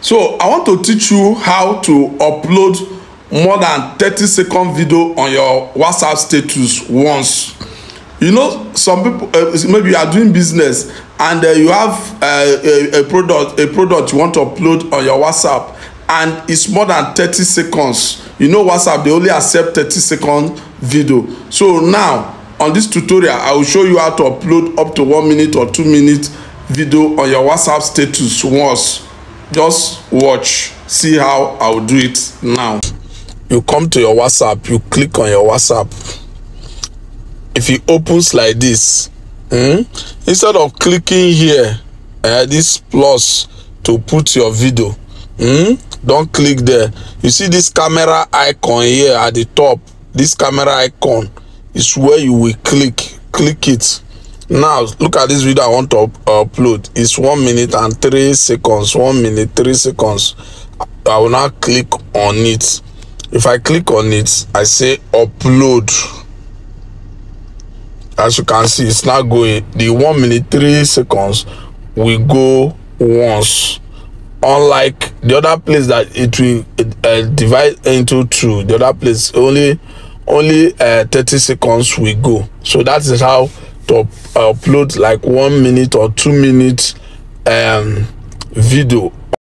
so i want to teach you how to upload more than 30 second video on your whatsapp status once you know some people uh, maybe you are doing business and uh, you have uh, eh, a, a product a product you want to upload on your whatsapp and it's more than 30 seconds you know whatsapp they only accept 30 second video so now on this tutorial i will show you how to upload up to one minute or two minute video on your whatsapp status once just watch see how i will do it now. you come to your whatsapp you click on your whatsapp if e opens like this hmm, instead of clicking here uh, this plus to put your video hmm, don click there you see this camera icon here at the top this camera icon is where you will click click it now look at this video i want to up, upload it's one minute and three seconds one minute three seconds i will now click on it if i click on it i say upload as you can see it's not going the one minute three seconds we go once unlike the other place that it will uh, divide into two the other place only only uh, 30 seconds we go so that is how to upload like one minute or two minute um, video